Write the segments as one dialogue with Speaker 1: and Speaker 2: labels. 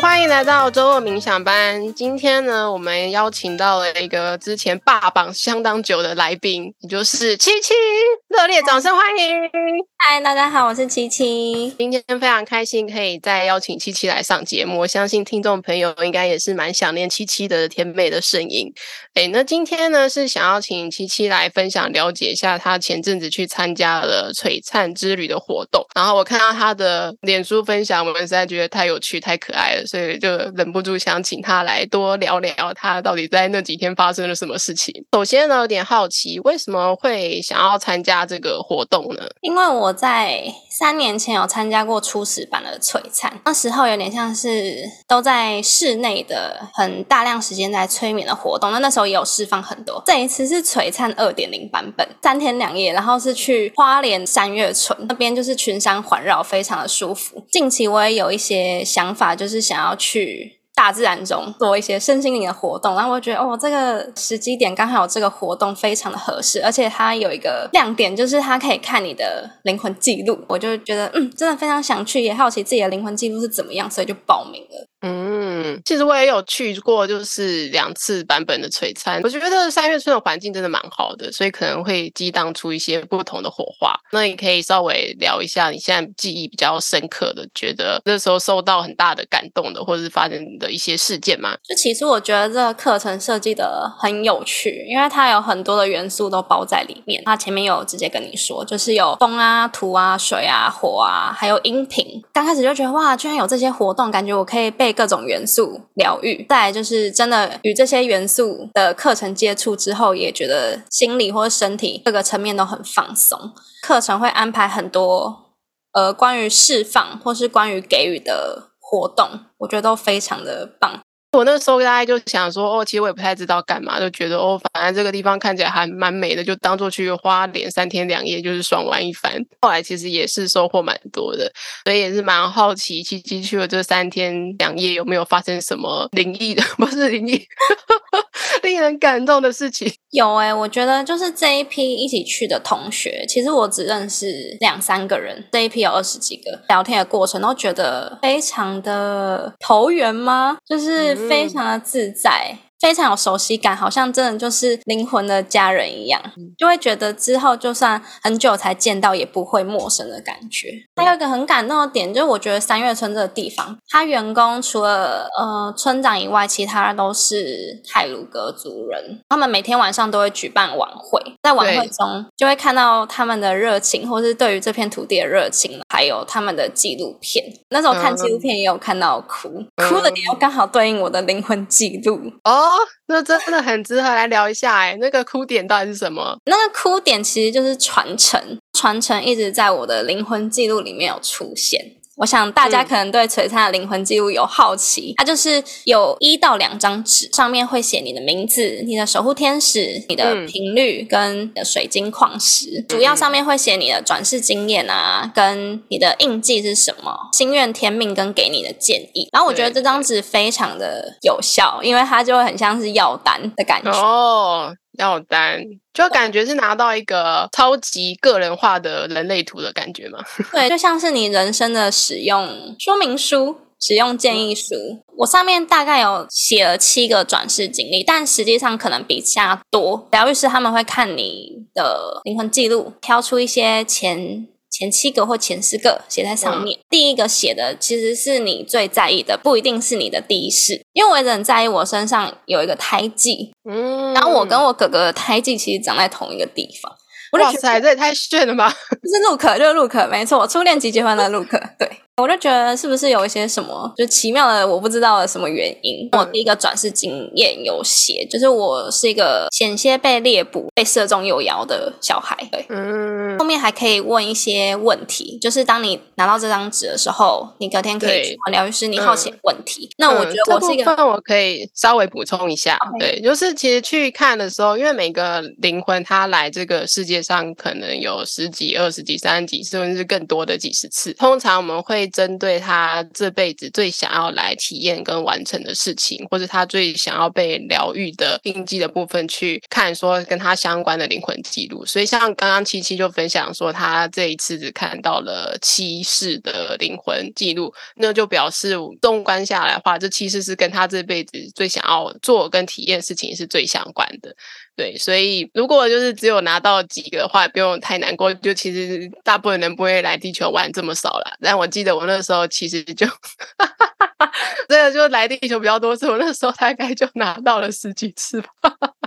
Speaker 1: 歡迎來到週二冥想班。今天呢，我們邀請到了一個之前霸榜相當久的來賓，也就是七七。熱烈掌聲歡迎！嗨，大家好，我是七七。今天非常開心可以再邀請七七來上節目。我相信聽眾朋友應該也是蠻想念七七的甜美的聲音。哎，那今天呢是想要請七七來分享了解一下她前陣子去參加了璀璨之旅的活動。然後我看到她的臉書分享，我們實在覺得太有趣、太可愛了。所以就忍不住想請他來多聊聊，他到底在那幾天發生了什麼事情。首先呢，有點好奇為什麼會想要參加這個活動呢？
Speaker 2: 因為我在三年前有參加過初始版的璀璨，那時候有點像是都在室內的很大量時間在催眠的活動。那那時候也有釋放很多。這一次是璀璨二點零版本，三天兩夜，然後是去花蓮三月村那邊，就是群山環繞，非常的舒服。近期我也有一些想法，就是想。然後去大自然中做一些身心靈的活動，然後我覺得哦，這個時機點剛好有這個活動，非常的合適，而且它有一個亮點，就是它可以看你的靈魂記錄，我就覺得嗯，真的非常想去，也好奇自己的靈魂記錄是怎麼樣，所以就報名了。
Speaker 1: 嗯，其實我也有去過，就是兩次版本的璀璨。我覺得三月村的環境真的蠻好的，所以可能會激盪出一些不同的火花。那你可以稍微聊一下你現在記憶比較深刻的，覺得那時候受到很大的感動的，或是發生的一些事件嗎？就
Speaker 2: 其實我覺得這個課程設計的很有趣，因為它有很多的元素都包在裡面。那前面有直接跟你說，就是有風啊、土啊、水啊、火啊，還有音頻。剛開始就覺得哇，居然有這些活動，感覺我可以被。被各種元素療癒，再來就是真的與這些元素的課程接觸之後，也覺得心理或身體各個層面都很放鬆。課程會安排很多呃關於釋放或是關於給予的活動，我覺得都非常的棒。
Speaker 1: 我那時候大家就想說，哦，其實我也不太知道幹嘛，就覺得，哦，反正這個地方看起來還蠻美的，就當作去花蓮三天兩夜，就是爽玩一番。後來其實也是收穫蠻多的，所以也是蠻好奇，七七去了這三天兩夜有沒有發生什麼靈異的？不是靈異，
Speaker 2: 令人感動的事情。有哎、欸，我覺得就是這一批一起去的同學，其實我只認識兩三個人，這一批有二十幾個，聊天的過程，都覺得非常的投緣嗎？就是、嗯。非常的自在。嗯非常有熟悉感，好像真的就是靈魂的家人一樣，就會覺得之後就算很久才見到，也不會陌生的感覺。還有一個很感動的點，就是我覺得三月村這個地方，他員工除了呃村長以外，其他都是太魯閣族人。他們每天晚上都會舉辦晚會，在晚會中對就會看到他們的熱情，或是對於這片土地的熱情，還有他們的紀錄片。那時候看紀錄片也有看到哭，嗯、哭的點又剛好對應我的靈魂紀錄哦。哦、那真的很值得來聊一下哎、欸，那個哭點到底是什麼？那個哭點其實就是傳承，傳承一直在我的靈魂記錄裡面有出現。我想大家可能對璀璨的靈魂記錄有好奇，嗯、它就是有一到兩張紙，上面會寫你的名字、你的守護天使、你的頻率、嗯、跟你的水晶礦石，嗯嗯，主要上面會寫你的轉世經驗啊，跟你的印記是什麼、心願、天命跟給你的建議。然後我覺得這張紙非常的有效，對對對，因為它就會很像是藥單的感覺、哦要單就感覺是拿到一個
Speaker 1: 超級個人化的人類圖的感覺嘛，
Speaker 2: 對，就像是你人生的使用說明書、使用建議書。我上面大概有寫了七個轉世經歷，但實際上可能比較多。療癒師他們會看你的靈魂記錄，挑出一些前.前七個或前四個寫在上面，嗯。第一個寫的其實是你最在意的，不一定是你的第一世，因為我一直很在意我身上有一個胎記，嗯，然後我跟我哥哥的胎記其實長在同一個地方。我，哇塞，這也太炫了吧！就是陸可，就是陸可，沒錯，我初戀及結婚的陸可，對。我就覺得是不是有一些什麼，就奇妙的，我不知道的什麼原因。我第一個轉世經驗有寫，嗯、就是我是一個險些被獵捕、被射中右腰的小孩。對，嗯。後面還可以問一些問題，就是當你拿到這張紙的時候，你隔天可以去問療癒師你好奇的問題。嗯、那我覺得我是一個，
Speaker 1: 嗯、部分我可以稍微補充一下，嗯、對，就是其實去看的時候，因為每個靈魂他來這個世界上可能有十幾、二十幾、三十幾，甚至是更多的幾十次。通常我們會針對他這輩子最想要來體驗跟完成的事情，或者他最想要被療癒的印記的部分，去看說跟他相關的靈魂記錄。所以，像剛剛七七就分享說，他這一次只看到了七世的靈魂記錄，那就表示縱觀下來的話，這其實是跟他這輩子最想要做跟體驗事情是最相關的。對，所以如果就是只有拿到幾個的話，不用太難過。就其實大部分人不會來地球玩這麼少啦。但我記得我那時候其實就，哈哈哈，這個就來地球比較多次，我那時候大概就拿到了十幾次吧。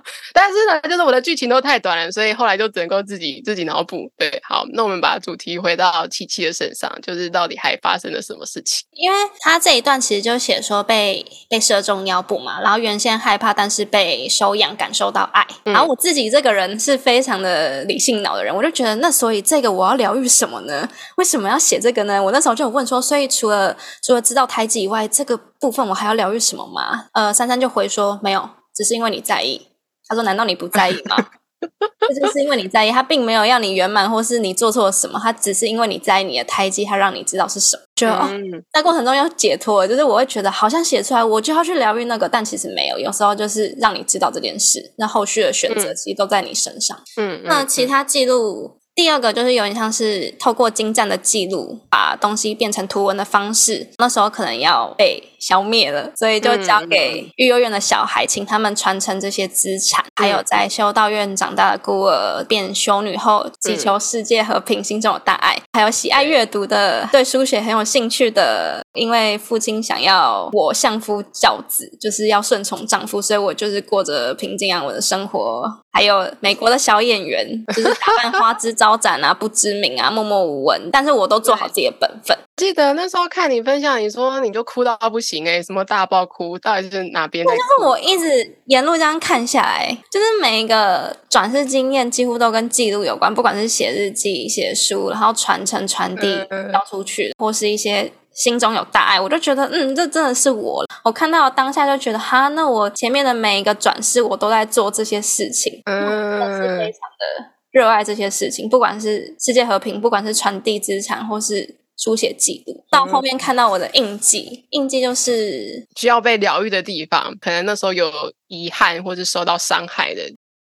Speaker 1: 但是呢，就是我的劇情都太短了，所以後來就只能夠自己自己腦補。對，好，那我們把主題回到七七的身上，就是到底還發生了什麼事情？
Speaker 2: 因為他這一段其實就寫說被被射中腰部嘛，然後原先害怕，但是被收養，感受到愛。嗯、然後我自己這個人是非常的理性腦的人，我就覺得那所以這個我要療癒什麼呢？為什麼要寫這個呢？我那時候就有問說，所以除了除了知道胎記以外，這個部分我還要療癒什麼嗎？呃，珊珊就回說沒有，只是因為你在意。他說：“難道你不在意嗎？ 就，就是因為你在意。他並沒有要你圓滿，或是你做錯了什麼。他只是因為你在意你的胎記，他讓你知道是什麼。就哦，嗯、在過程中要解脫，就是我會覺得好像寫出來我就要去療癒那個，但其實沒有。有時候就是讓你知道這件事，那後續的選擇其實都在你身上。嗯，那其他記錄。”第二個就是有點像是透過精湛的記錄，把東西變成圖文的方式。那時候可能要被消滅了，所以就交給育幼院的小孩，嗯、請他們傳承這些資產。嗯、還有在修道院長大的孤兒，變、嗯、修女後祈求世界和平，嗯、心中有大愛。還有喜愛閱讀的，嗯、對，對書寫很有興趣的。因為父親想要我相夫教子，就是要順從丈夫，所以我就是過着平靜安穩的生活。還有美國的小演員，就是打扮花枝招展啊，不知名啊，默默無聞，但是我都做好自己的本分。記得那時候看你分享，你說你就哭到不行誒、欸、什麼大爆哭，到底是哪邊哭？但是我一直沿路這樣看下來，就是每一個轉世經驗幾乎都跟記錄有關，不管是寫日記、寫書，然後傳承傳遞交出去，嗯、或是一些。心中有大愛，我就覺得，嗯，這真的是我了。我看到當下就覺得，哈，那我前面的每一個轉世，我都在做這些事情，真的是非常的熱愛這些事情，嗯、不管是世界和平，不管是傳遞資產，或是書寫記錄。嗯、到後面看到我的印記，印記就是需要被療癒的地方，可能那時候有遺憾或是受到傷害的。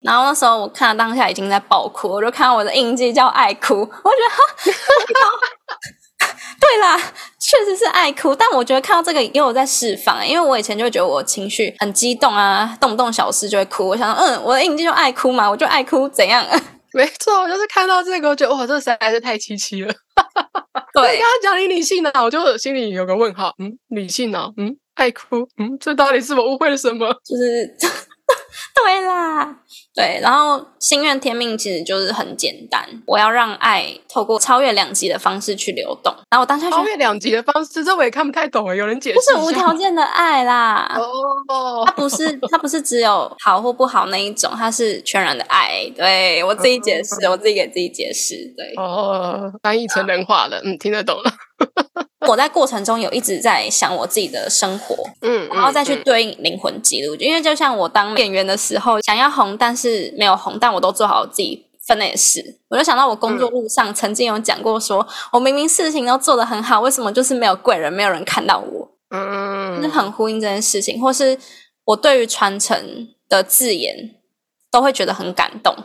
Speaker 2: 然後那時候我看到當下已經在爆哭，我就看到我的印記叫愛哭，我覺得，哈哈哈。 對啦，確實是愛哭，但我覺得看到這個，因為我在釋放、欸，因為我以前就會覺得我情緒很激動啊，動不動小事就會哭。我想說，嗯，我的印記就愛哭嘛，我就愛哭，怎樣、啊？沒錯，我就是看到這個，我覺得哇，這實在是太77了。 對，剛剛講你理性啊，我就心裡有個問號，嗯，理性腦、啊，嗯，愛哭，嗯，這到底是我誤會了什麼？就是。對啦，對，然後心願天命其實就是很簡單，我要讓愛透過超越兩極的方式去流動。然後我當下超越兩極的方式，這我也看不太懂誒，有人解釋？就是無條件的愛啦，哦，它不是，它不是只有好或不好那一種，它是全然的愛。對，我自己解釋，哦、我自己給自己解釋，對，哦，翻譯成人話了，嗯，嗯，聽得懂了。我在過程中有一直在想我自己的生活，嗯，嗯，然後再去對應靈魂記錄。嗯嗯、因為就像我當演員的時候，想要紅，但是沒有紅，但我都做好我自己分內的事。我就想到我工作路上曾經有講過說，說、嗯、我明明事情都做得很好，為什麼就是沒有貴人，沒有人看到我？嗯，就、嗯、是很呼應這件事情，或是我對於傳承的字眼，都會覺得很感動。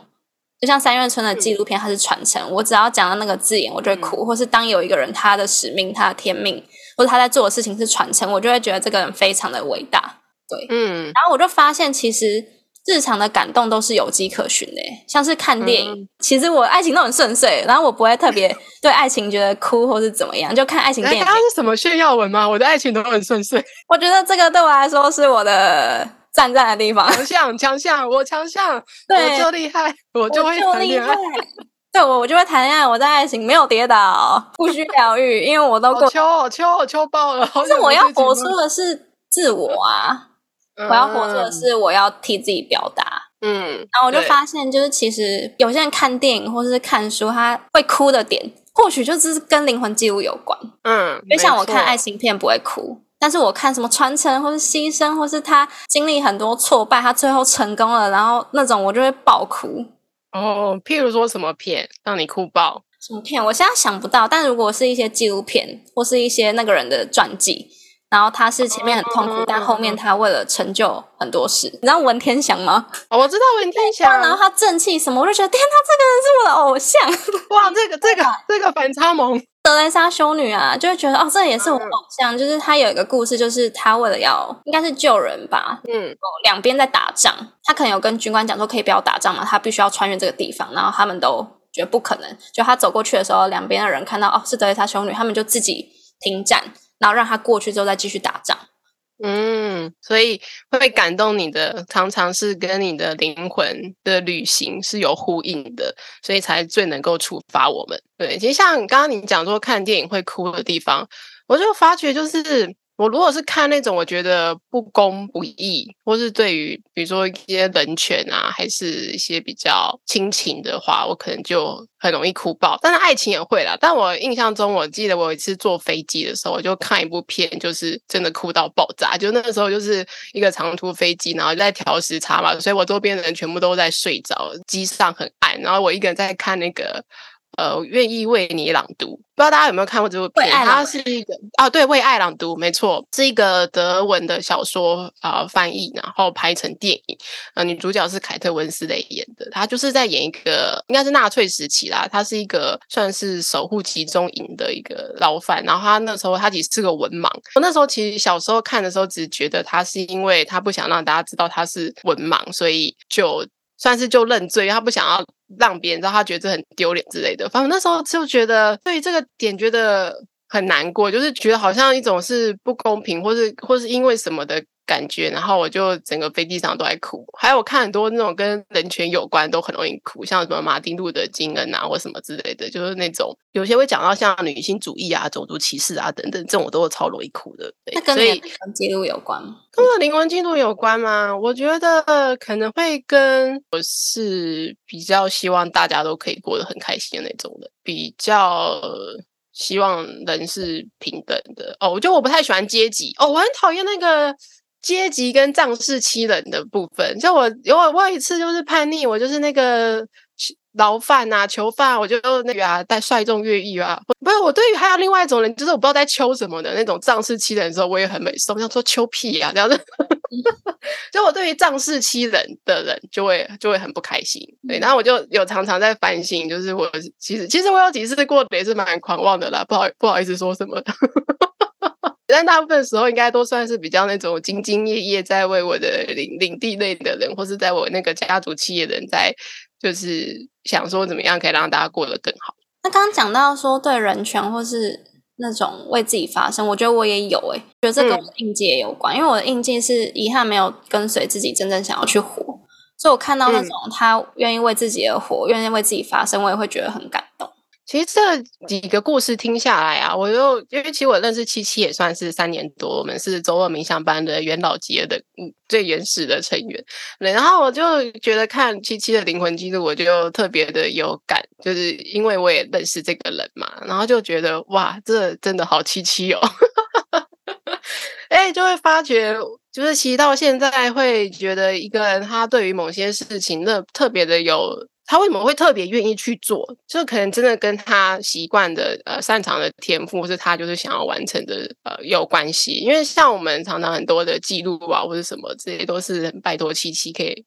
Speaker 2: 就像三月村的紀錄片，嗯、它是傳承。我只要講到那個字眼，我就會哭。嗯、或是當有一個人他的使命、他的天命，或者他在做的事情是傳承，我就會覺得這個人非常的偉大。對，嗯。然後我就發現，其實日常的感動都是有跡可循的。像是看電影，嗯、其實我愛情都很順遂，然後我不會特別對愛情覺得哭或是怎麼樣，就看愛情電影。大家、欸、是什麼炫耀文
Speaker 1: 嗎？我的愛情都很順遂。
Speaker 2: 我覺得這個對我來說是我的。站在的地方強，強項強項，我強項，對我就厲害。我就
Speaker 1: 會談
Speaker 2: 戀 對，我我就會談戀愛。我在愛情沒有跌倒，不需療癒，因為我都過。敲，敲，敲爆了！可是我要活出的是自我啊！嗯、我要活出的是我要替自己表達。嗯，然後我就發現，就是其實有些人看電影或者是看書，他會哭的點，或許就是跟靈魂記錄有關。嗯，就像我看愛情片不會哭。但是我看什麼傳承，或是犧牲，或是他經歷很多挫敗，他最後成功了，然後那種我就會爆哭。哦，譬如說什麼片讓你哭爆。什麼片，我現在想不到。但如果是一些紀錄片，或是一些那個人的傳記。然後他是前面很痛苦，哦嗯、但後面他為了成就很多事。嗯、你知道文天祥嗎？哦、我知道文天祥。然後他正氣什麼，我就覺得天，他這個人是我的偶像。哇，這個這個這個反差萌！德蕾莎修女啊，就會覺得哦，這也是我偶像。嗯、就是他有一個故事，就是他為了要應該是救人吧，嗯、哦，兩邊在打仗，他可能有跟軍官講說可以不要打仗嘛，他必須要穿越這個地方，然後他們都覺得不可能。就他走過去的時候，兩邊的人看到哦是德蕾莎修女，他們就自己停戰。然後讓他過去之後再繼續打仗。
Speaker 1: 嗯，所以會感動你的，常常是跟你的靈魂的旅行是有呼應的，所以才最能夠觸發我們。對，其實像剛剛你講說看電影會哭的地方，我就發覺就是。我如果是看那種我覺得不公不義，或是對於比如說一些人權啊，還是一些比較親情的話，我可能就很容易哭爆。但是愛情也會啦。但我印象中，我記得我有一次坐飛機的時候，我就看一部片，就是真的哭到爆炸。就那個時候就是一個長途飛機，然後在調時差嘛，所以我周邊的人全部都在睡着，機上很暗，然後我一個人在看那個。呃，願意為你朗讀，不知道大家有沒有看過這部片？它是一個哦、啊，對，《為愛朗讀》沒錯，是一個德文的小說啊、呃，翻譯然後拍成電影。呃，女主角是凱特·溫絲蕾演的，她就是在演一個，應該是納粹時期啦。她是一個算是守護集中營的一個老犯，然後她那時候她其實是個文盲。我那時候其實小時候看的時候，只覺得她是因為她不想讓大家知道她是文盲，所以就。算是就認罪，他不想要讓別人知道他覺得這很丟臉之類的。反正那時候就覺得，對於這個點覺得很難過，就是覺得好像一種是不公平，或是，或是因為什麼的。感覺，然後我就整個飛機上都在哭。還有我看很多那種跟人權有關，都很容易哭，像什麼馬丁路德金恩啊，或什麼之類的，就是那種有些會講到像女性主義啊、種族歧視啊等等這種，我都會超容易哭的。對那跟記錄以有關嗎？跟靈魂紀錄有關嗎？我覺得可能會跟我是比較希望大家都可以過得很開心的那種的，比較希望人是平等的。哦，我覺得我不太喜歡階級。哦，我很討厭那個。階級跟仗勢欺人的部分，像我有我我有一次就是叛逆，我就是那個牢犯啊囚犯啊，我就那個啊帶率眾越獄啊。不是，我對於還有另外一種人，就是我不知道在秋什麼的那種仗勢欺人的時候，我也很美松，想說，秋屁啊這樣子。所以，我對於仗勢欺人的人，就會就會很不開心。對，嗯、然後我就有常常在反省，就是我其實其實我有幾次過得也是蠻狂妄的啦，不好不好意思說什麼的。 但大部分的時候應該都算是比較那種兢兢業業，在為我的領領地內的人，或是在我那個家族企業的人，在就是想說怎麼樣可以讓大家過得更好。
Speaker 2: 那剛剛講到說對人權或是那種為自己發聲，我覺得我也有哎、欸，覺得這跟我的印記也有關，嗯、因為我的印記是遺憾沒有跟隨自己真正想要去活，所以我看到那種他願意為自己而活，嗯、願意為自己發聲，我也會覺得很感動。
Speaker 1: 其實這幾個故事聽下來啊，我就因
Speaker 2: 為其實我認識七
Speaker 1: 七也算是三年多，我們是周二冥想班的元老級的，嗯，最原始的成員。對，然後我就覺得看七七的靈魂記錄，我就特別的有感，就是因為我也認識這個人嘛，然後就覺得哇，這真的好七七哦。 哎，就會發覺，就是其實到現在會覺得一個人他對於某些事情那特別的有。他為什麼會特別願意去做？這可能真的跟他習慣的、呃擅長的天賦，或是他就是想要完成的呃有關係。因為像我們常常很多的記錄啊，或者什麼這些，都是拜托七七 K，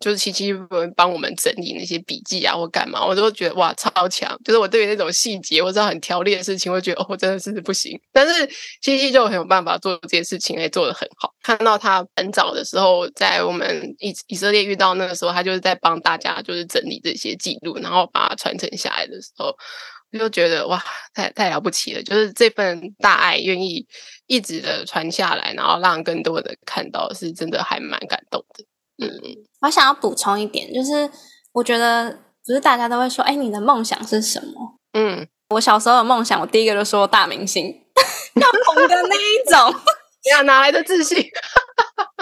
Speaker 1: 就是77幫我們整理那些筆記啊，或幹嘛，我都覺得哇，超強！就是我對於那種細節我知道很條例的事情，我覺得我、哦、真的是不行。但是77就很有辦法做這些事情，也做得很好。看到他很早的時候，在我們以以色列遇到那個時候，他就是在幫大家就是整理這些記錄，然後把它傳承下來的時候，我就覺得哇，太太了不起了！就是這份大愛，願意一直的傳下來，然後讓更多人看到，是真的還蠻感動的。
Speaker 2: 嗯，我想要補充一點，就是我覺得不是大家都會說，哎，你的夢想是什麼？嗯，我小時候的夢想，我第一個就說大明星，要捧 的那一種。要哪 來的自信？ 沒有，就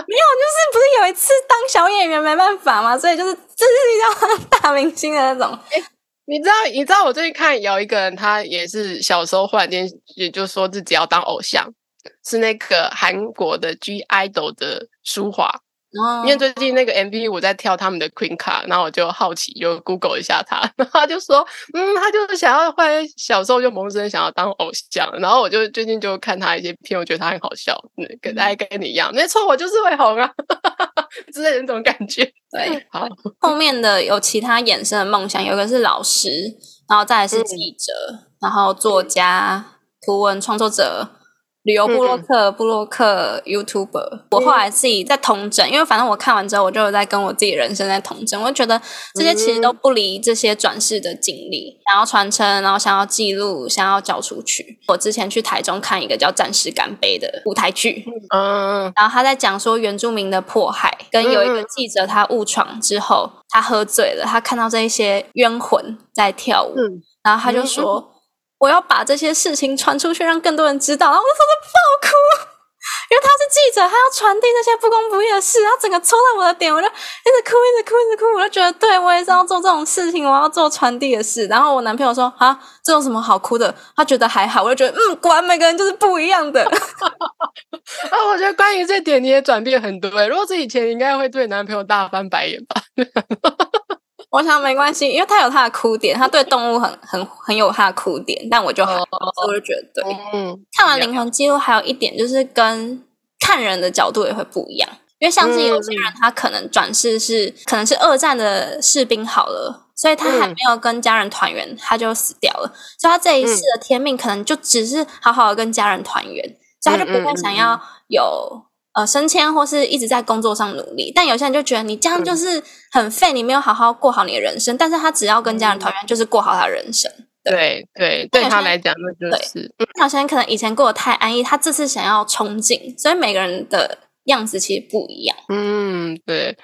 Speaker 2: 是不是有一次當小演員沒辦法嘛，所以就是就是要大明星的那種。哎、欸，你知
Speaker 1: 道，你知道我最近看有一個人，他也是小時候忽然間也就說，自己要當偶像，是那個韓國的 G Idol 的舒華。因為最近那個 MV 我在跳他們的 Queen 卡，然後我就好奇就 Google 一下他，然後他就說，嗯，他就是想要，換，小時候就萌生想要當偶像，然後我就最近就看他一些片，我覺得他很好笑，
Speaker 2: 跟大家跟你一樣，嗯、沒錯，我就是會紅啊之類的那種感覺。對，好，後面的有其他衍生的夢想，有個是老師，然後再來是記者，嗯、然後作家、圖文創作者。旅遊部落客，嗯嗯，部落客 YouTuber，我後來自己在統整，因為反正我看完之後，我就有在跟我自己人生在統整。我覺得這些其實都不離這些轉世的經歷，想要傳承，然後想要記錄，想要交出去。我之前去台中看一個叫《戰士乾杯》的舞台劇，嗯，嗯，然後他在講說原住民的迫害，跟有一個記者他誤闖之後，他喝醉了，他看到這一些冤魂在跳舞，嗯嗯，然後他就說，我要把這些事情傳出去，讓更多人知道。然後我就說然就爆哭，因為他是記者，他要傳遞那些不公不義的事。然後整個戳到我的點，我就一直哭，一直哭，一直哭。我就覺得，對我也是要做這種事情，我要做傳遞的事。然後我男朋友說：“啊，這種什麼好哭的？”他覺得還好，我就覺得，嗯，果然每個人就是不一樣的。那、 啊、我覺得關於這點你也轉變很多、欸、如果是以前，應該會對男朋友大翻白眼吧？ 我想沒關係，因為他有他的哭點，他對動物很很很有他的哭點，但我就、哦、我就覺得對。嗯、看完靈魂紀錄還有一點就是跟看人的角度也會不一樣，因為像是有些人他可能轉世是、嗯、可能是二戰的士兵好了，所以他還沒有跟家人團圓、嗯、他就死掉了，所以他這一次的天命可能就只是好好的跟家人團圓，所以他就不會想要有。呃，升遷或是一直在工作上努力，但有些人就覺得你這樣就是很廢，嗯、你沒有好好過好你的人生。但是他只要跟家人團圓，就是過好他的人生。對對，對他來講，那真的是。那對對有些人可能以前過得太安逸，他這次想要衝勁，所以每個人的樣子其實不一樣。嗯，對。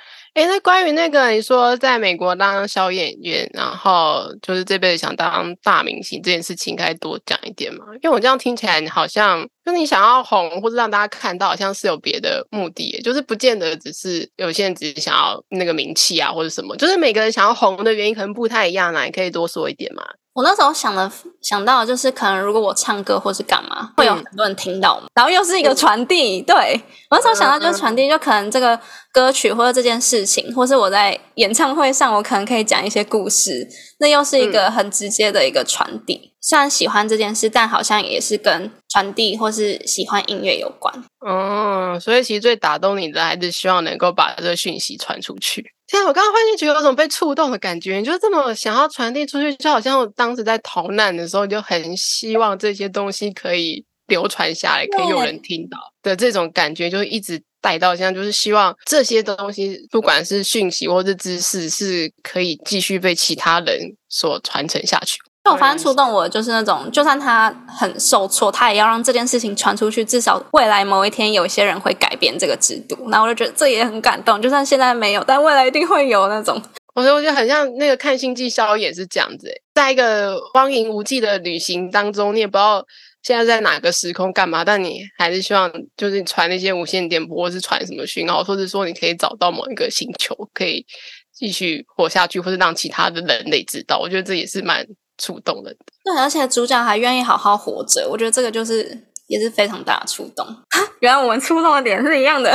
Speaker 1: 欸，那關於那個你說在美國當小演員，然後就是這輩子想當大明星這件事情，該多講一點嘛？因為我這樣聽起來，好像就是你想要紅，或者讓大家看到，好像是有別的目的，就是不見得只是有些人只想要那個名氣啊，或者什麼，就是每個人想要紅的
Speaker 2: 原因可能不太一樣啦。你可以多說一點嘛？我那時候想了，想到的就是可能如果我唱歌或是幹嘛，對會有很多人聽到，然後又是一個傳遞。對，對我那時候想到就是傳遞，就可能這個歌曲或者這件事情，嗯、或是我在演唱會上，我可能可以講一些故事，那又是一個很直接的一個傳遞。嗯、雖然喜歡這件事，但好像也是跟傳遞或是喜歡音樂有關。
Speaker 1: 嗯，所以其實最打動你的還是希望能夠把這個訊息傳出去。現在我剛剛發現覺得有種被觸動的感覺，你就這麼想要傳遞出去，就好像我當時在逃難的時候，你就很希望這些東西可以流傳下來，可以有人聽到的這種感覺，就一直帶到現在，就是希望這些東西，不管是訊息或是知識，是可以繼續被其他人所傳承
Speaker 2: 下去。就我發現觸動我就是那種，就算他很受挫，他也要讓這件事情傳出去，至少未來某一天有一些人會改變這個制度。那我就覺得這也很感動，就算現在沒有，但未來一定會有那種。我覺得我覺得很像那個看星際效應也是這樣子，在
Speaker 1: 一個荒淫無際的旅行當中，你也不知道現在在哪個時空幹嘛，但你還是希望就是傳那些無線電波或是傳什麼訊號，或者說你可以找到某一個星球，可以繼續活下去，或是讓其他的人類知道。我覺得這也是蠻。觸動了，
Speaker 2: 對，而且主角還願意好好活着，我覺得這個就是也是非常大的觸動。啊，原來我們觸動的點是一樣的，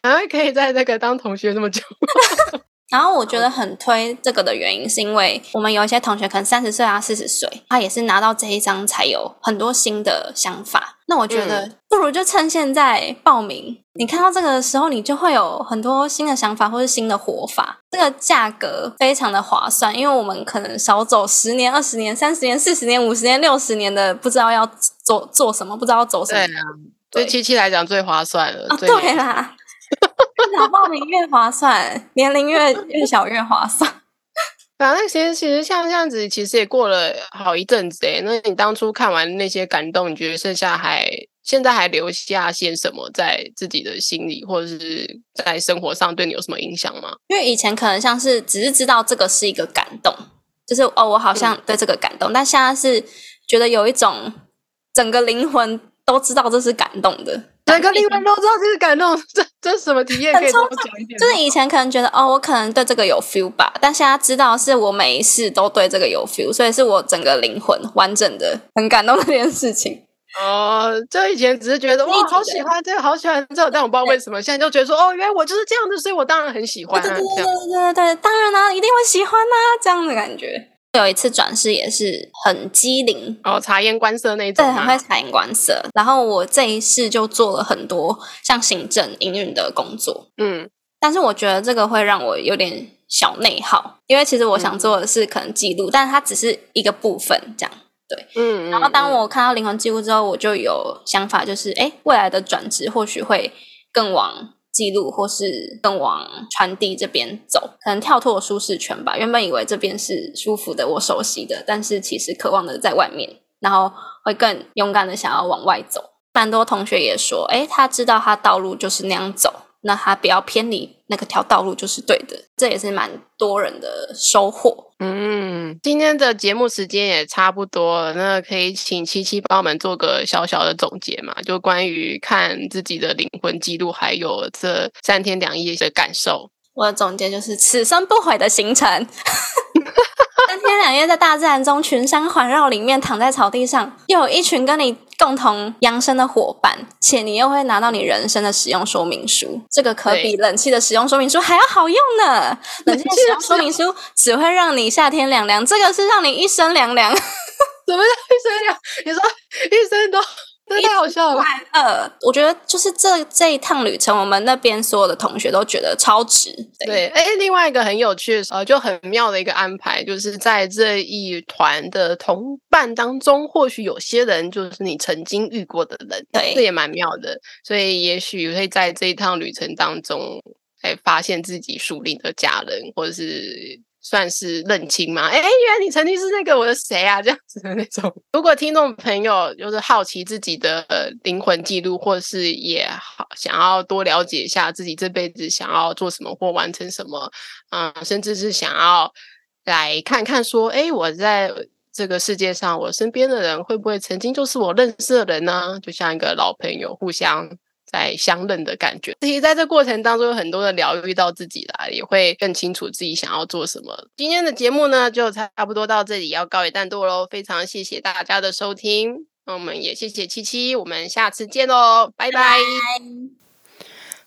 Speaker 2: 然 後，啊，可以在這個當同學這麼久。 然後我覺得很推這個的原因，是因為我們有一些同學可能三十歲啊、四十歲，他也是拿到這一張，才有很多新的想法。那我覺得不如就趁現在報名。你看到這個的時候，你就會有很多新的想法，或是新的活法。這個價格非常的划算，因為我們可能少走十年、二十年、三十年、四十年、五十年、六十年的，不知道要做做什麼，不知道要走什麼。對啊，對七七來講最划算了。最划算了哦、對啦。早 報名越划算，年齡越越小越划算。
Speaker 1: 反正其實其實像這樣子，其實也過了好一陣子誒、欸。那你當初看完那些感動，你覺得剩下還現在還留下些什麼在自己的心裡，或者是在生活上對你有什麼影響嗎？
Speaker 2: 因為以前可能像是只是知道這個是一個感動，就是哦，我好像對這個感動，嗯、但現在是覺得有一種整個靈魂都知道這是感動的。整個靈魂都知道，這是感動，這這是什麼體驗？可以多講一點。好就是以前可能覺得哦，我可能對這個有 feel 吧，但現在知道是我每一次都對這個有 feel，所以是我整個靈魂完整的很感動的這件事
Speaker 1: 情。哦，就以前只是覺得哇、哦，好喜歡這個，好喜歡這個，但我不知道為什麼。對現在就覺得說哦，原來我就是這樣子，所以我當然很喜歡、啊。對對對對對對，當然啦、啊，一定會喜歡啦、啊，
Speaker 2: 這樣的感覺。有一次轉世也是很機靈哦，察言觀色那種、啊，對，很會察言觀色。然後我這一世就做了很多像行政營運的工作，嗯，但是我覺得這個會讓我有點小內耗，因為其實我想做的是可能記錄，嗯、但它只是一個部分，這樣對，嗯，嗯，嗯。然後當我看到靈魂記錄之後，我就有想法，就是哎，未來的轉職或許會更往記錄，或是更往傳遞這邊走，可能跳脫舒適圈吧。原本以為這邊是舒服的，我熟悉的，但是其實渴望的在外面，然後會更勇敢的想要往外走。蠻多同學也說，誒，他知道他道路就是那樣走。那他不要偏離那個條道路就是對的，這也是蠻多人的收穫。
Speaker 1: 嗯，今天的節目時間也差不多了，那可以請七七幫我們做個小小的總結嘛？就關於看自己的靈魂記錄，還有這三天兩夜的感受。
Speaker 2: 我的總結就是此生不悔的行程。 三 天兩夜，在大自然中，群山環繞，裡面躺在草地上，又有一群跟你共同揚升的伙伴，且你又會拿到你人生的使用說明書。這個可比冷氣的使用說明書還要好用呢。對冷氣的使用說明書只會讓你夏天涼涼，這個是讓你一生涼涼。 怎麼叫一生涼？你說一生都。真的太好笑了！了、呃。我覺得就是這這一趟旅程，我們那邊所有的同學都覺得超值。對，哎，另外一個很有趣的時候、呃，就很妙的一個安
Speaker 1: 排，就是在這一團的同伴當中，或許有些人就是你曾經遇過的人，對，這也蠻妙的。所以也許會在這一趟旅程當中，哎，發現自己屬靈的家人，或者是。算是認清嘛？哎、欸、哎，原來你曾經是那個我的誰啊？這樣子的那種。如果聽眾朋友就是好奇自己的、呃、靈魂記錄，或是也好，想要多了解一下自己這輩子想要做什麼或完成什麼，啊、呃，甚至是想要來看看說，哎、欸，我在這個世界上，我身邊的人會不會曾經就是我認識的人呢？就像一個老朋友，互相。在相認的感覺，其實在這過程當中有很多的療癒到自己啦，也會更清楚自己想要做什麼。今天的節目呢，就差不多到這裡，要告一段落嘍。非常謝謝大家的收聽，那我們也謝謝七七，我們下次見嘍，拜拜。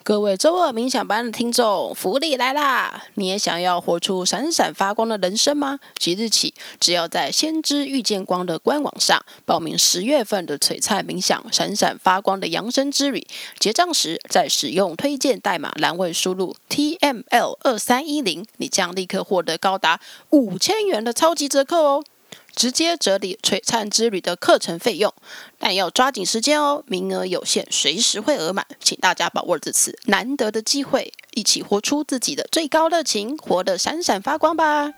Speaker 1: 各位週二冥想班的聽眾，福利來啦！你也想要活出閃閃發光的人生嗎？即日起，只要在先知遇見光的官網上報名十月份的璀璨冥想、閃閃發光的揚升之旅，結賬時在使用推薦代碼欄位輸入 TML2310，你將立刻獲得高達五千元的超級折扣哦！直接折抵璀璨之旅的課程費用，但要抓緊時間哦，名額有限，隨時會額滿，請大家把握這次難得的機會，一起活出自己的最高熱情，活得閃閃發光吧！